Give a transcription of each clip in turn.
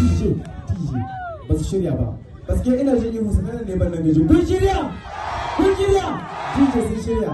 dj dj ba su shirya ba gaskiya ina jin ihun su kanan ne ban namiji kun shirya kun shirya dj sun shirya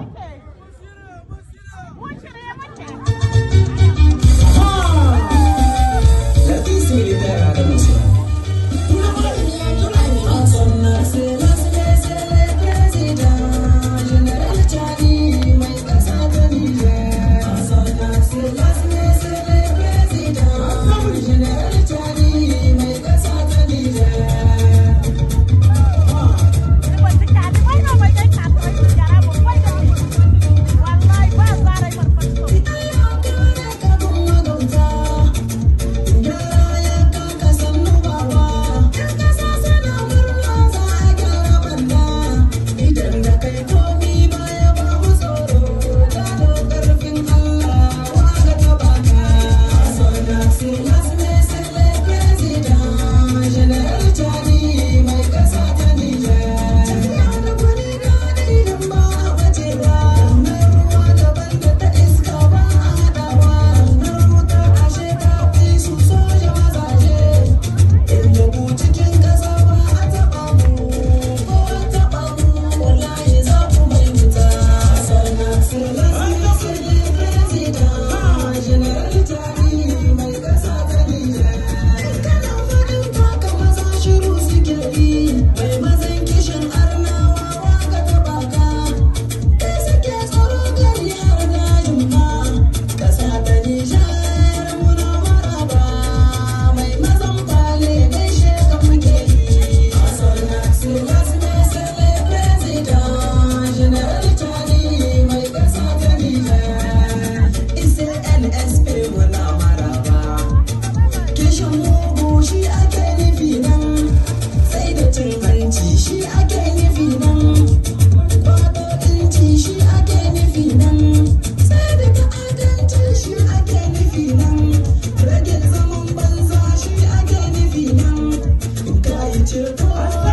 Oh.